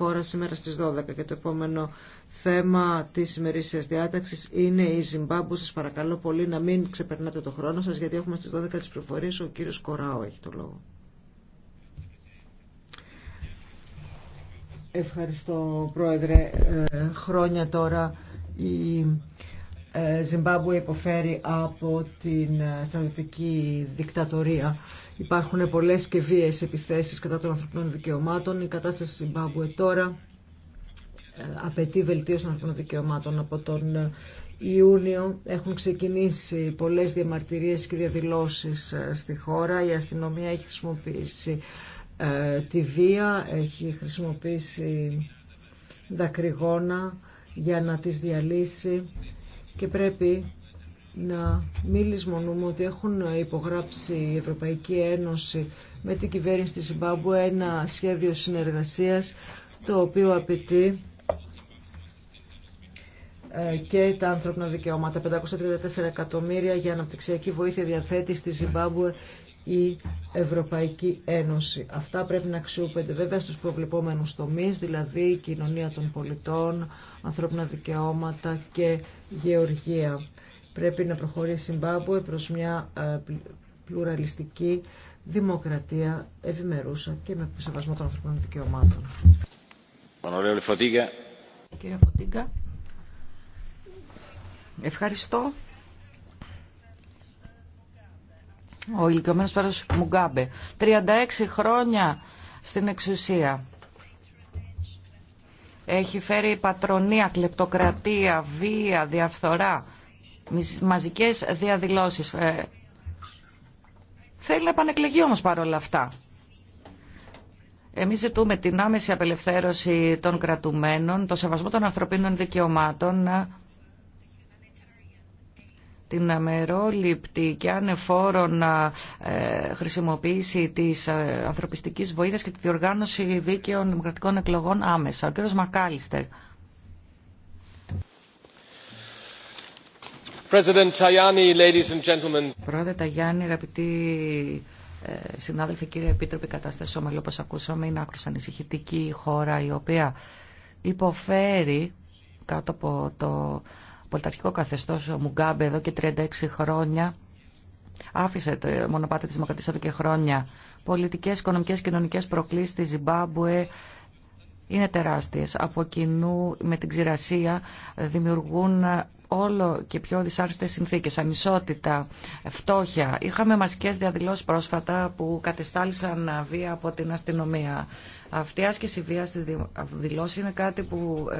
χώρα σήμερα στις 12 και το επόμενο θέμα της ημερήσιας διάταξης είναι η Ζιμπάμπου. Σας παρακαλώ πολύ να μην ξεπερνάτε το χρόνο σας γιατί έχουμε στις 12 τις προφορίες ο κύριος Κοράο έχει το λόγο. Ευχαριστώ Πρόεδρε. Ε, χρόνια τώρα η ε, Ζιμπάμπου υποφέρει από την ε, στρατιωτική δικτατορία Υπάρχουν πολλές και βίαιες επιθέσεις κατά των ανθρωπινών δικαιωμάτων. Η κατάσταση στη Ζιμπάμπουε τώρα ε, απαιτεί βελτίωση των ανθρωπινών δικαιωμάτων από τον ε, Ιούνιο έχουν ξεκινήσει πολλές διαμαρτυρίες και διαδηλώσεις ε, στη χώρα. Η αστυνομία έχει χρησιμοποιήσει τη βία, έχει χρησιμοποιήσει δακρυγόνα για να τις διαλύσει και πρέπει να μην λησμονούμε ότι έχουν υπογράψει η Ευρωπαϊκή Ένωση με την κυβέρνηση της Ζιμπάμπου ένα σχέδιο συνεργασίας το οποίο απαιτεί ε, και τα ανθρώπινα δικαιώματα. 534 εκατομμύρια για αναπτυξιακή βοήθεια διαθέτει στη Ζιμπάμπουε η Ευρωπαϊκή Ένωση. Αυτά πρέπει να αξιοποιούνται βέβαια στους προβλεπόμενους τομείς, δηλαδή η κοινωνία των πολιτών, ανθρώπινα δικαιώματα και γεωργία. Πρέπει να προχωρήσει η Μπάμπουε προς μια ε, πλουραλιστική δημοκρατία ευημερούσα και με σεβασμό των ανθρωπίνων δικαιωμάτων. Κύριε Φωτίγκα, ευχαριστώ. Ο ηλικιωμένος πέρας Μουγκάμπε, 36 χρόνια στην εξουσία. Έχει φέρει πατρονία, κλεπτοκρατία, βία, διαφθορά μαζικές διαδηλώσεις. Ε, θέλει να επανεκλεγεί όμως παρόλα αυτά. Εμείς ζητούμε την άμεση απελευθέρωση των κρατουμένων, το σεβασμό των ανθρωπίνων δικαιωμάτων, την αμερόληπτη και ανεφόρον ε, χρησιμοποίηση της ε, ανθρωπιστικής βοήθειας και τη διοργάνωση δίκαιων δημοκρατικών εκλογών άμεσα. Ο κ. Μακάλιστερ. President ladies Πρόεδρε Ταγιάννη, αγαπητοί ε, συνάδελφοι, κύριε Επίτροπη, η κατάσταση όμως όπως ακούσαμε, είναι άκρως ανησυχητική η χώρα η οποία υποφέρει κάτω από το πολιταρχικό καθεστώς ο Μουγκάμπε εδώ και 36 χρόνια άφησε το ε, μονοπάτι της Δημοκρατίας εδώ και χρόνια. Πολιτικές, οικονομικές, κοινωνικές προκλήσεις στη Ζιμπάμπουε είναι τεράστιες. Από κοινού με την ξηρασία δημιουργούν όλο και πιο δυσάρεστε συνθήκε, ανισότητα, φτώχεια. Είχαμε μασικές διαδηλώσεις πρόσφατα που κατεστάλησαν βία από την αστυνομία. Αυτή η άσκηση βία στη δηλώση είναι κάτι που ε,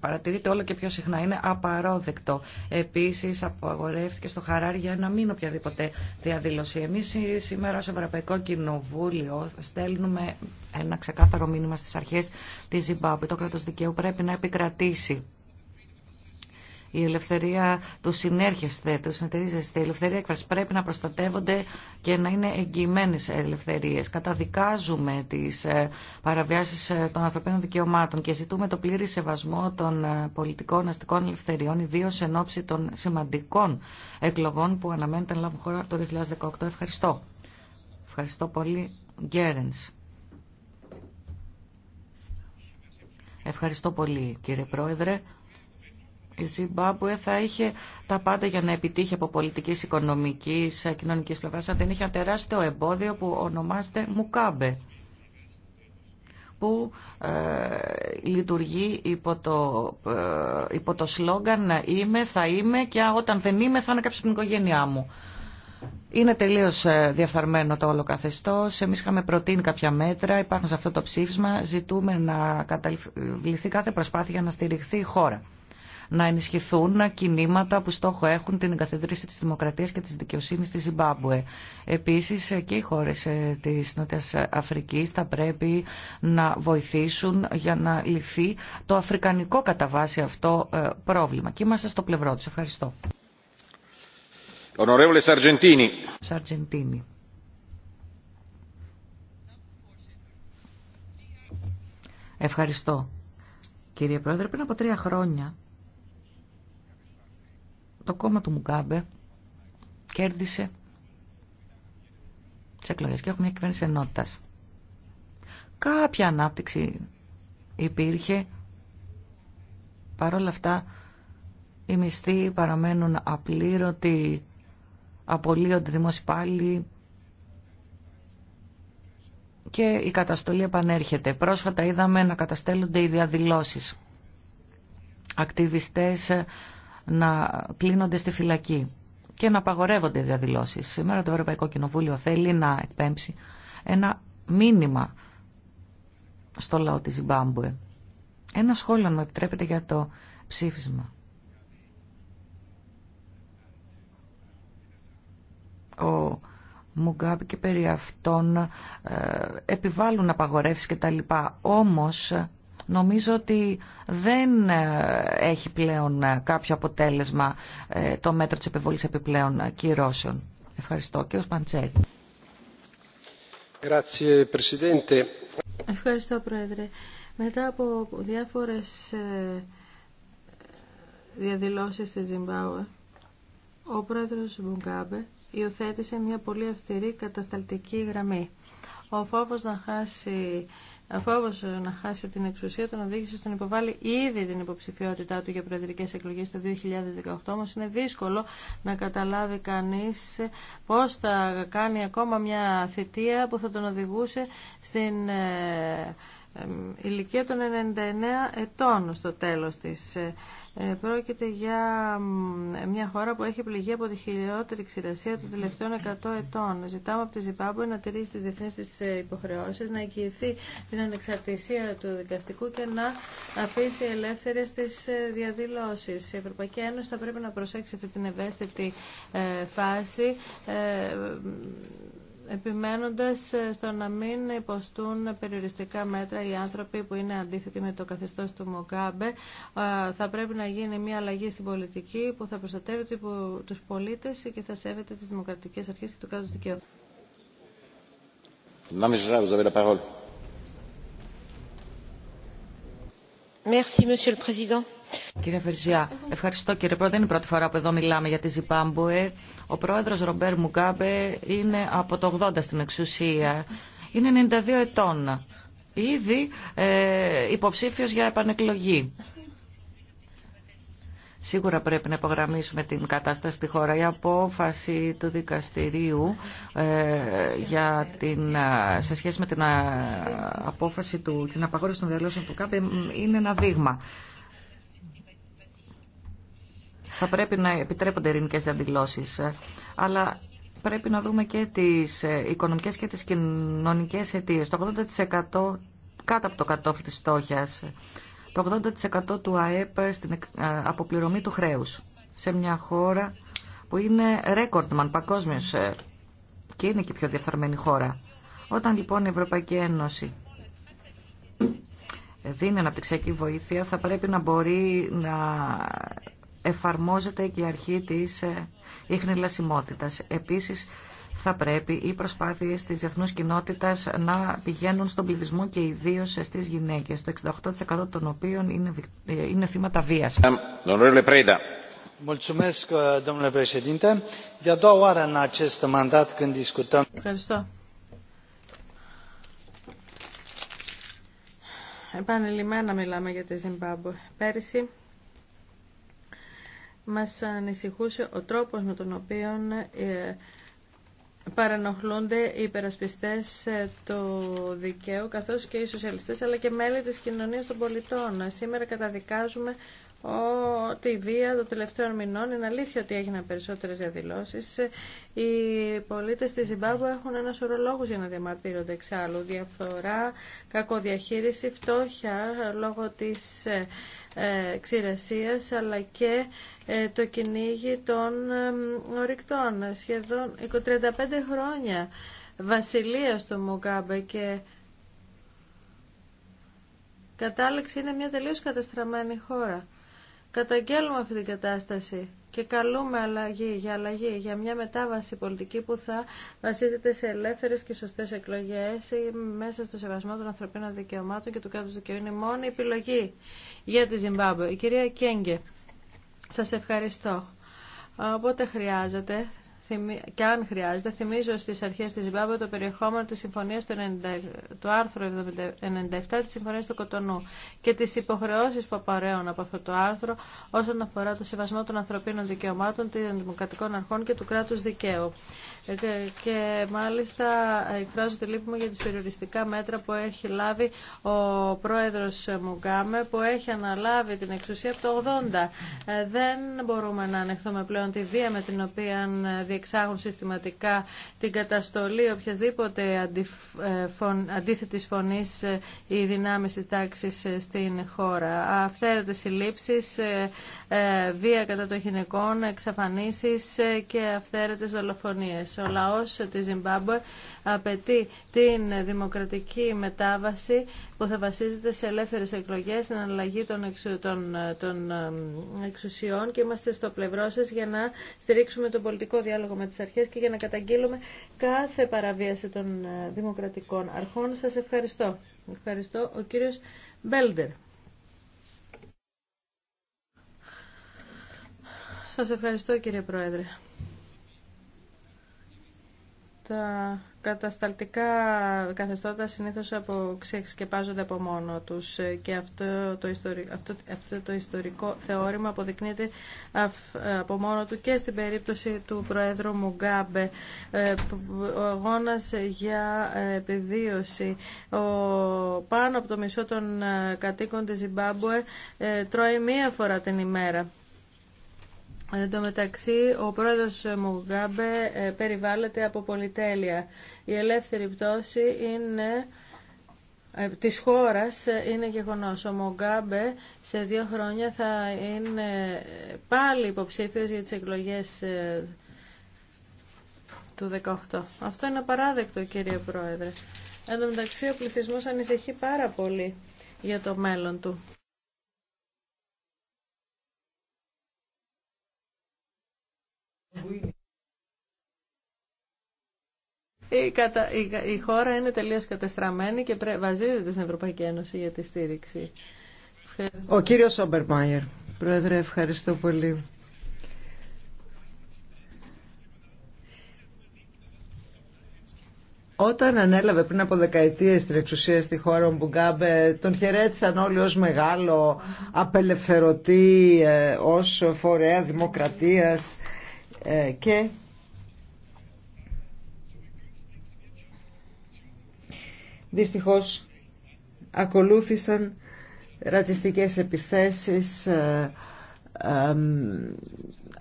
παρατηρείται όλο και πιο συχνά. Είναι απαρόδεκτο. Επίση, απαγορεύτηκε στο Χαράρι για ένα μήνο οποιαδήποτε διαδήλωση. Εμεί σήμερα ω Ευρωπαϊκό Κοινοβούλιο στέλνουμε ένα ξεκάθαρο μήνυμα στι αρχέ τη Ζιμπάμπη. Το κράτο δικαίου πρέπει να επικρατήσει η ελευθερία του συνέρχεστε, του συνεταιρίζεσθε, η ελευθερία έκφραση πρέπει να προστατεύονται και να είναι εγγυημένε ελευθερίε. Καταδικάζουμε τι ε, παραβιάσει ε, των ανθρωπίνων δικαιωμάτων και ζητούμε το πλήρη σεβασμό των ε, πολιτικών αστικών ελευθεριών, ιδίω εν ώψη των σημαντικών εκλογών που αναμένεται να λάβουν χώρα το 2018. Ευχαριστώ. Ευχαριστώ πολύ, Γκέρενς. Ευχαριστώ πολύ, κύριε Πρόεδρε η Ζιμπάμπουε θα είχε τα πάντα για να επιτύχει από πολιτικής, οικονομικής, κοινωνικής πλευράς αν δεν είχε ένα τεράστιο εμπόδιο που ονομάζεται Μουκάμπε που ε, λειτουργεί υπό το, ε, υπό το σλόγγαν «Είμαι, θα είμαι και όταν δεν είμαι θα είναι κάποιος την οικογένειά μου». Είναι τελείω ε, διαφθαρμένο το όλο καθεστώ. Εμεί είχαμε προτείνει κάποια μέτρα. Υπάρχουν σε αυτό το ψήφισμα. Ζητούμε να καταβληθεί κάθε προσπάθεια για να στηριχθεί η χώρα να ενισχυθούν κινήματα που στόχο έχουν την εγκαθιδρύση της δημοκρατίας και της δικαιοσύνης στη Ζιμπάμπουε. Επίσης και οι χώρες ε, της Νότιας Αφρικής θα πρέπει να βοηθήσουν για να λυθεί το αφρικανικό κατά βάση αυτό ε, πρόβλημα. Και είμαστε στο πλευρό του. Ευχαριστώ. Ευχαριστώ. Κύριε Πρόεδρε, πριν από τρία χρόνια το κόμμα του Μουγκάμπε κέρδισε τι εκλογέ και έχουμε μια κυβέρνηση ενότητα. Κάποια ανάπτυξη υπήρχε. Παρ' όλα αυτά, οι μισθοί παραμένουν απλήρωτοι, απολύονται δημόσιοι και η καταστολή επανέρχεται. Πρόσφατα είδαμε να καταστέλλονται οι διαδηλώσεις. Ακτιβιστές να κλείνονται στη φυλακή και να απαγορεύονται οι διαδηλώσεις. Σήμερα το Ευρωπαϊκό Κοινοβούλιο θέλει να εκπέμψει ένα μήνυμα στο λαό της Ζιμπάμπουε. Ένα σχόλιο αν μου επιτρέπετε για το ψήφισμα. Ο Μουγκάμπ και περί αυτών ε, επιβάλλουν απαγορεύσεις και τα λοιπά. Όμως νομίζω ότι δεν ε, έχει πλέον ε, κάποιο αποτέλεσμα ε, το μέτρο της επιβολής επιπλέον κυρώσεων. Ευχαριστώ. Κύριος Παντσέλη. Ευχαριστώ, Πρόεδρε. Μετά από διάφορες διαδηλώσεις στη Τζιμπάουε, ο πρόεδρος Μπουγκάμπε υιοθέτησε μια πολύ αυστηρή κατασταλτική γραμμή. Ο φόβος να χάσει ο φόβο να χάσει την εξουσία τον οδήγησε στον υποβάλει ήδη την υποψηφιότητά του για προεδρικές εκλογές το 2018. Όμω είναι δύσκολο να καταλάβει κανείς πώς θα κάνει ακόμα μια θητεία που θα τον οδηγούσε στην ε, ε, ηλικία των 99 ετών στο τέλος της. Ε, ε, πρόκειται για μια χώρα που έχει πληγεί από τη χειρότερη ξηρασία των τελευταίων 100 ετών. Ζητάμε από τη Ζιμπάμπουε να τηρήσει τις διεθνεί τη ε, υποχρεώσεις, να εγγυηθεί την ανεξαρτησία του δικαστικού και να αφήσει ελεύθερε τις ε, διαδηλώσει. Η Ευρωπαϊκή Ένωση θα πρέπει να προσέξει αυτή την ευαίσθητη φάση επιμένοντας ε, στο να μην υποστούν περιοριστικά μέτρα οι άνθρωποι που είναι αντίθετοι με το καθεστώς του Μογκάμπε. Ε, θα πρέπει να γίνει μια αλλαγή στην πολιτική που θα προστατεύει τους πολίτες και θα σέβεται τις δημοκρατικές αρχές και το κράτος δικαίου. Merci, Monsieur le Président. Κύριε Φερζιά, ευχαριστώ κύριε Πρόεδρε. Δεν είναι η πρώτη φορά που εδώ μιλάμε για τη Ζιμπάμπουε. Ο πρόεδρος Ρομπέρ Μουγκάμπε είναι από το 80 στην εξουσία. Είναι 92 ετών. Ήδη ε, υποψήφιος για επανεκλογή. Σίγουρα πρέπει να υπογραμμίσουμε την κατάσταση στη χώρα. Η απόφαση του δικαστηρίου ε, για την, ε, σε σχέση με την ε, απόφαση του, την απαγόρευση των διαλύσεων του ΚΑΠΕ είναι ένα δείγμα. Θα πρέπει να επιτρέπονται ειρηνικέ διαδηλώσει. Αλλά πρέπει να δούμε και τι ε, οικονομικέ και τι κοινωνικέ αιτίε. Το 80% κάτω από το κατόφλι τη φτώχεια. Το 80% του ΑΕΠ στην ε, αποπληρωμή του χρέου. Σε μια χώρα που είναι ρέκορντμαν παγκόσμιο ε, και είναι και πιο διαφθαρμένη χώρα. Όταν λοιπόν η Ευρωπαϊκή Ένωση δίνει αναπτυξιακή βοήθεια, θα πρέπει να μπορεί να εφαρμόζεται και η αρχή της ίχνηλασιμότητας. Ε, Επίσης, θα πρέπει οι προσπάθειες της διεθνού κοινότητας να πηγαίνουν στον πληθυσμό και ιδίω στις γυναίκες, το 68% των οποίων είναι, ε, είναι θύματα βίας. Ευχαριστώ. Επανειλημμένα μιλάμε για τη Ζιμπάμπου. Πέρυσι μας ανησυχούσε ο τρόπος με τον οποίο ε, παρανοχλούνται οι υπερασπιστές ε, του δικαίου καθώς και οι σοσιαλιστές αλλά και μέλη της κοινωνίας των πολιτών. Σήμερα καταδικάζουμε ότι βία των τελευταίων μηνών είναι αλήθεια ότι έγιναν περισσότερες διαδηλώσεις. Οι πολίτες της Ζιμπάμπου έχουν ένα σωρό λόγους για να διαμαρτύρονται εξάλλου. Διαφθορά, κακοδιαχείριση, φτώχεια λόγω της ε, ε, ξηρασίας αλλά και ε, το κυνήγι των ε, ορυκτών. Σχεδόν 35 χρόνια βασιλεία στο Μουγκάμπε και κατάληξη είναι μια τελείως καταστραμμένη χώρα. Καταγγέλουμε αυτή την κατάσταση και καλούμε αλλαγή, για αλλαγή, για μια μετάβαση πολιτική που θα βασίζεται σε ελεύθερε και σωστέ εκλογέ μέσα στο σεβασμό των ανθρωπίνων δικαιωμάτων και του κράτου δικαιού. Είναι η μόνη επιλογή για τη Ζιμπάμπwe. Η κυρία Κέγκε, σα ευχαριστώ. Οπότε χρειάζεται και αν χρειάζεται, θυμίζω στις αρχές της Ζιμπάμπου το περιεχόμενο της συμφωνίας του, άρθρου 97 της συμφωνίας του Κοτονού και τις υποχρεώσεις που απαραίουν από αυτό το άρθρο όσον αφορά το σεβασμό των ανθρωπίνων δικαιωμάτων, των δημοκρατικών αρχών και του κράτους δικαίου. Ε, και μάλιστα εκφράζω τη λύπη μου για τις περιοριστικά μέτρα που έχει λάβει ο πρόεδρος Μουγκάμε που έχει αναλάβει την εξουσία από το 80. Ε, δεν μπορούμε να ανεχθούμε πλέον τη βία με την οποία διεξάγουν συστηματικά την καταστολή οποιασδήποτε ε, αντίθετη φωνής οι δυνάμεις της τάξης στην χώρα. Αυθαίρετες συλλήψει, βία κατά των γυναικών, εξαφανίσει και αυθαίρετε δολοφονίε. Ζιμπάμπουες. Ο λαός της Ζιμπάμπουε απαιτεί την δημοκρατική μετάβαση που θα βασίζεται σε ελεύθερες εκλογές, στην αλλαγή των, εξου, των, εξουσιών και είμαστε στο πλευρό σας για να στηρίξουμε τον πολιτικό διάλογο με τις αρχές και για να καταγγείλουμε κάθε παραβίαση των ε, δημοκρατικών αρχών. Σας ευχαριστώ. Ευχαριστώ ο κύριος Μπέλντερ. Σας ευχαριστώ κύριε Πρόεδρε τα κατασταλτικά καθεστώτα συνήθως από, ξεσκεπάζονται από μόνο τους και αυτό το, ιστορικό, αυτό το ιστορικό θεώρημα αποδεικνύεται από μόνο του και στην περίπτωση του Προέδρου Μουγκάμπε ε, ο αγώνας για ε, επιβίωση ο, πάνω από το μισό των ε, κατοίκων της Ζιμπάμπουε τρώει μία φορά την ημέρα Εν τω μεταξύ, ο πρόεδρος Μουγκάμπε ε, περιβάλλεται από πολυτέλεια. Η ελεύθερη πτώση είναι ε, της χώρας ε, είναι γεγονός. Ο Μογκάμπε σε δύο χρόνια θα είναι πάλι υποψήφιος για τις εκλογές του 18. Αυτό είναι απαράδεκτο κύριε Πρόεδρε. Εν τω μεταξύ ο πληθυσμός ανησυχεί πάρα πολύ για το μέλλον του. η χώρα είναι τελείως κατεστραμμένη και βαζίζεται στην Ευρωπαϊκή Ένωση για τη στήριξη. Ο κύριος Όμπερμαϊερ. Πρόεδρε, ευχαριστώ πολύ. Όταν ανέλαβε πριν από δεκαετίες την εξουσία στη χώρα ο Μπουγκάμπε, τον χαιρέτησαν όλοι ως μεγάλο απελευθερωτή, ε, ως φορέα δημοκρατίας ε, και Δυστυχώς ακολούθησαν ρατσιστικές επιθέσεις ε,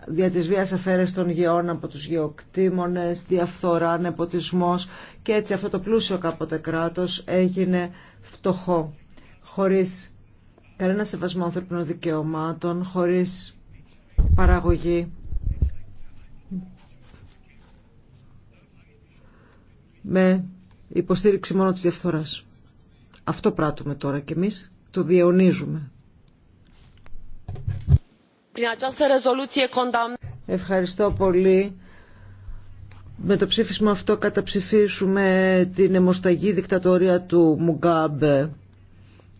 δια της βίας αφαίρεση των γεών από τους γεωκτήμονες, διαφθορά, νεποτισμός και έτσι αυτό το πλούσιο κάποτε κράτος έγινε φτωχό, χωρίς κανένα σεβασμό ανθρωπινών δικαιωμάτων, χωρίς παραγωγή. Με υποστήριξη μόνο της διαφθοράς. Αυτό πράττουμε τώρα και εμείς το διαιωνίζουμε. Ευχαριστώ πολύ. Με το ψήφισμα αυτό καταψηφίσουμε την αιμοσταγή δικτατορία του Μουγκάμπε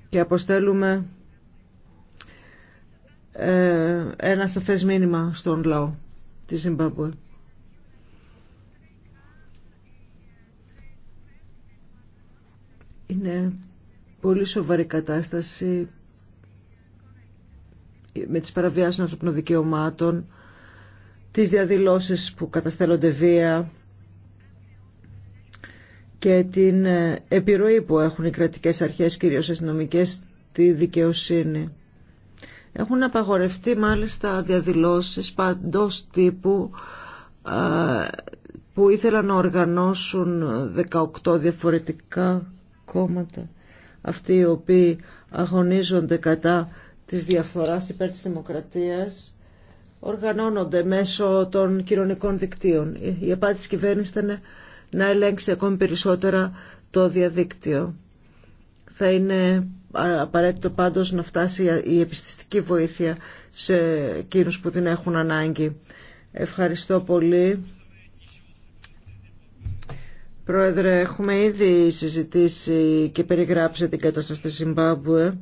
και αποστέλουμε ε, ένα σαφές μήνυμα στον λαό της Ζιμπάμπουε. είναι πολύ σοβαρή κατάσταση με τις παραβιάσεις των ανθρωπινών δικαιωμάτων, τις διαδηλώσεις που καταστέλλονται βία και την ε, επιρροή που έχουν οι κρατικές αρχές, κυρίως αστυνομικέ στη δικαιοσύνη. Έχουν απαγορευτεί μάλιστα διαδηλώσεις παντός τύπου ε, που ήθελαν να οργανώσουν 18 διαφορετικά κόμματα αυτοί οι οποίοι αγωνίζονται κατά της διαφθοράς υπέρ της δημοκρατίας οργανώνονται μέσω των κοινωνικών δικτύων. Η απάντηση κυβέρνηση ήταν να ελέγξει ακόμη περισσότερα το διαδίκτυο. Θα είναι απαραίτητο πάντως να φτάσει η επιστηστική βοήθεια σε εκείνους που την έχουν ανάγκη. Ευχαριστώ πολύ. Πρόεδρε, έχουμε ήδη συζητήσει και περιγράψει την κατάσταση στη Ζιμπάμπουε.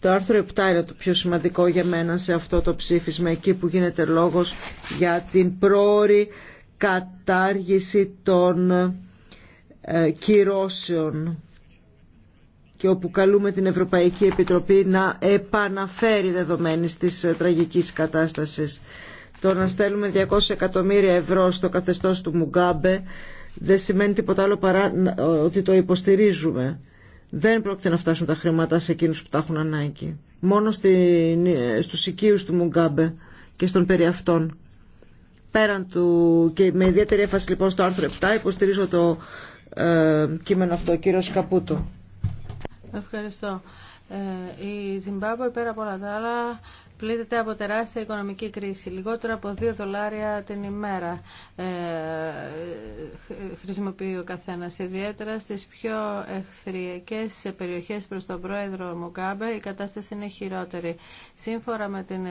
Το άρθρο 7 είναι το πιο σημαντικό για μένα σε αυτό το ψήφισμα, εκεί που γίνεται λόγος για την πρόορη κατάργηση των ε, κυρώσεων και όπου καλούμε την Ευρωπαϊκή Επιτροπή να επαναφέρει δεδομένη της ε, τραγικής κατάστασης. Το να στέλνουμε 200 εκατομμύρια ευρώ στο καθεστώς του Μουγκάμπε δεν σημαίνει τίποτα άλλο παρά ότι το υποστηρίζουμε. Δεν πρόκειται να φτάσουν τα χρήματα σε εκείνους που τα έχουν ανάγκη. Μόνο στη στους οικείους του Μουγκάμπε και στον περιαυτών. Πέραν του και με ιδιαίτερη έφαση λοιπόν στο άρθρο 7 υποστηρίζω το ε, κείμενο αυτό, κύριο Σκαπούτο. Ευχαριστώ. Ε, η Ζιμπάμπο πέρα από όλα τα άλλα πλήττεται από τεράστια οικονομική κρίση. Λιγότερο από 2 δολάρια την ημέρα ε, χρησιμοποιεί ο καθένα. Ιδιαίτερα στι πιο εχθριακέ περιοχέ προ τον πρόεδρο Μουγκάμπε η κατάσταση είναι χειρότερη. Σύμφωνα με την ε,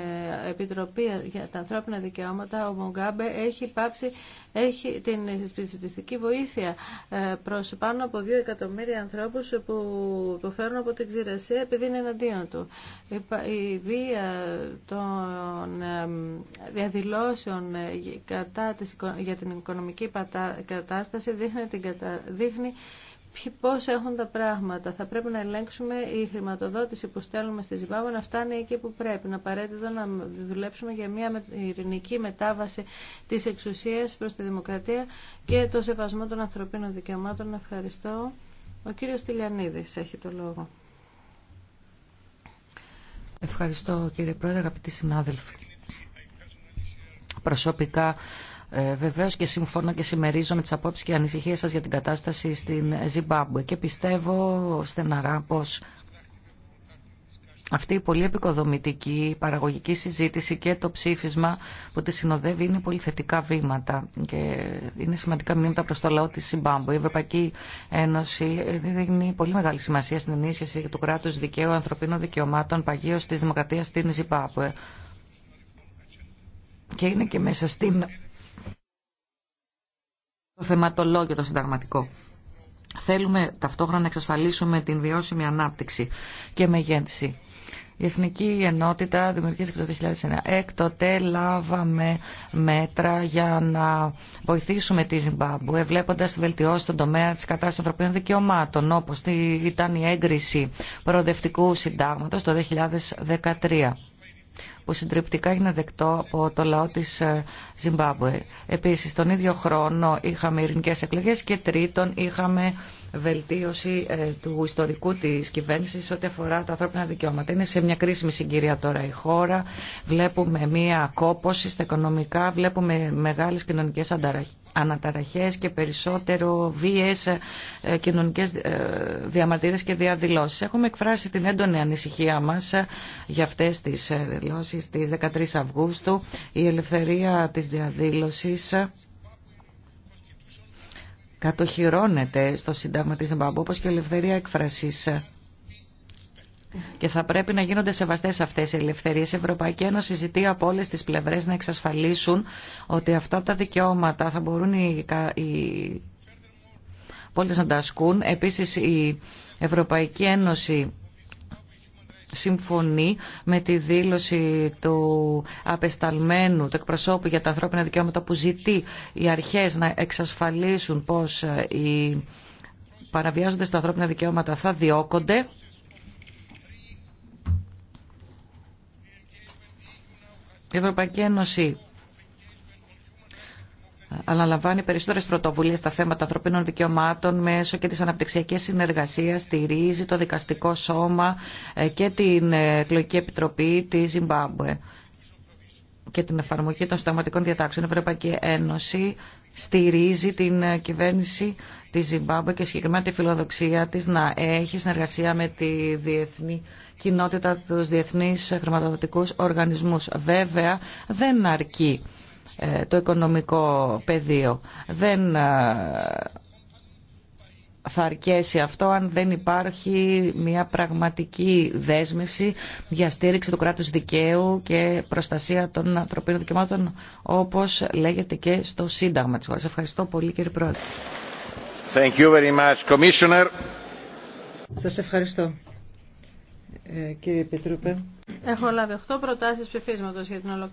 Επιτροπή για τα Ανθρώπινα Δικαιώματα, ο Μουγκάμπε έχει πάψει έχει την συσπιστική βοήθεια ε, προ πάνω από 2 εκατομμύρια ανθρώπου που υποφέρουν από την ξηρασία επειδή είναι εναντίον του. Η βία των διαδηλώσεων κατά για την οικονομική κατάσταση δείχνει, πώς έχουν τα πράγματα. Θα πρέπει να ελέγξουμε η χρηματοδότηση που στέλνουμε στη Ζιμπάμπο να φτάνει εκεί που πρέπει. Να απαραίτητο να δουλέψουμε για μια ειρηνική μετάβαση της εξουσίας προς τη δημοκρατία και το σεβασμό των ανθρωπίνων δικαιωμάτων. Ευχαριστώ. Ο κύριος Τηλιανίδης έχει το λόγο. Ευχαριστώ κύριε Πρόεδρε, αγαπητοί συνάδελφοι. Προσωπικά ε, βεβαίως και συμφωνώ και συμμερίζω με τις απόψεις και ανησυχίες σας για την κατάσταση στην Ζιμπάμπουε και πιστεύω στεναρά πως αυτή η πολύ επικοδομητική, παραγωγική συζήτηση και το ψήφισμα που τη συνοδεύει είναι πολύ θετικά βήματα και είναι σημαντικά μηνύματα προς το λαό της Συμπάμπου. Η Ευρωπαϊκή Ένωση δίνει πολύ μεγάλη σημασία στην ενίσχυση του κράτους δικαίου ανθρωπίνων δικαιωμάτων παγίως της δημοκρατίας στην Ζιμπάμπου. Και είναι και μέσα στην... το θεματολόγιο το συνταγματικό. Θέλουμε ταυτόχρονα να εξασφαλίσουμε την βιώσιμη ανάπτυξη και μεγέντηση η Εθνική Ενότητα δημιουργήθηκε το 2009. Έκτοτε λάβαμε μέτρα για να βοηθήσουμε τη Ζιμπάμπουε, βλέποντα βελτιώσει στον τομέα τη κατάσταση ανθρωπίνων δικαιωμάτων, όπω ήταν η έγκριση προοδευτικού συντάγματο το 2013 που συντριπτικά έγινε δεκτό από το λαό τη ε, Ζιμπάμπουε. Επίσης, τον ίδιο χρόνο είχαμε ειρηνικέ εκλογές και τρίτον είχαμε βελτίωση ε, του ιστορικού της κυβέρνηση ό,τι αφορά τα ανθρώπινα δικαιώματα. Είναι σε μια κρίσιμη συγκυρία τώρα η χώρα. Βλέπουμε μια κόπωση στα οικονομικά, βλέπουμε μεγάλες κοινωνικέ ανταραχέ αναταραχές και περισσότερο βίες ε, κοινωνικές ε, διαμαρτυρίες και διαδηλώσεις. Έχουμε εκφράσει την έντονη ανησυχία μας ε, για αυτές τις δηλώσεις της 13 Αυγούστου. Η ελευθερία της διαδήλωσης κατοχυρώνεται στο Σύνταγμα της Μπαμπού όπως και η ελευθερία έκφρασης και θα πρέπει να γίνονται σεβαστές αυτές οι ελευθερίες. Η Ευρωπαϊκή Ένωση ζητεί από όλες τις πλευρές να εξασφαλίσουν ότι αυτά τα δικαιώματα θα μπορούν οι, οι να τα ασκούν. Επίσης η Ευρωπαϊκή Ένωση συμφωνεί με τη δήλωση του απεσταλμένου, του εκπροσώπου για τα ανθρώπινα δικαιώματα που ζητεί οι αρχές να εξασφαλίσουν πως ε, οι παραβιάζονται στα ανθρώπινα δικαιώματα θα διώκονται Η Ευρωπαϊκή Ένωση αναλαμβάνει περισσότερες πρωτοβουλίες στα θέματα ανθρωπίνων δικαιωμάτων μέσω και της αναπτυξιακής συνεργασίας, στηρίζει το δικαστικό σώμα ε, και την ε, εκλογική επιτροπή της Ζιμπάμπουε και την εφαρμογή των συνταγματικών διατάξεων. Η Ευρωπαϊκή Ένωση στηρίζει την ε, κυβέρνηση της Ζιμπάμπου και συγκεκριμένα τη φιλοδοξία της να έχει συνεργασία με τη διεθνή κοινότητα, τους διεθνείς χρηματοδοτικούς οργανισμούς. Βέβαια, δεν αρκεί ε, το οικονομικό πεδίο. Δεν ε, θα αρκέσει αυτό αν δεν υπάρχει μια πραγματική δέσμευση για στήριξη του κράτους δικαίου και προστασία των ανθρωπίνων δικαιωμάτων όπως λέγεται και στο Σύνταγμα της χώρας. Ευχαριστώ πολύ κύριε Πρόεδρε. Thank you very much, Commissioner. Σας ευχαριστώ ε, κύριε Πετρούπε. Έχω λάβει 8 προτάσεις ψηφίσματος για την